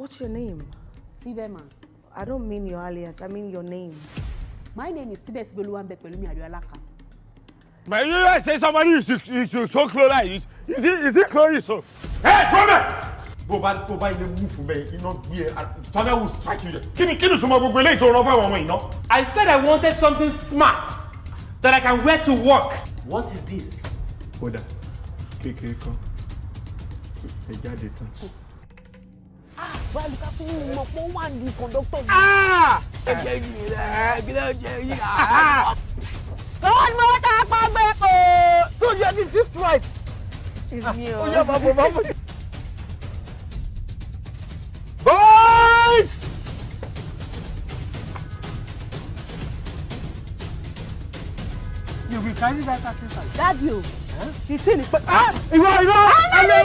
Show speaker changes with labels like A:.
A: What's your name? Sibema. I don't mean your alias, I mean your name. My name is Sibes. Sibeluwanbe Pelumi
B: Adioalaka.
C: My you guys say somebody is, is, is so close like is is it is
D: it close so? Hey, brother! Bó bá tó bá ilé mú fún bẹ́ẹ̀ iná gbé ẹ Tọ́lá will strike you. Kí ni kí ni túmọ̀ gbogbo eléyìí tó rán fún àwọn ọmọ iná? I said I wanted something smart that I can wear to work. What is this? Kódà Come, kan ẹ jáde tán
B: báyìí ká fún un mọ̀ pé ó wà ní kọ̀ńdọ́tọ̀ mi.
E: ẹ jẹ́ yìí rẹ̀ gílẹ̀ jẹ́ yìí rà.
B: lọ́wọ́ ni mo wá tá a pa tó yẹ ní fifth right.
E: èmi o. ó yẹ bàbá bàbá.
B: boys.
E: you will carry that sacrifice. daddy o. ìtì ni pé. ìwọ ìwọ. Ah,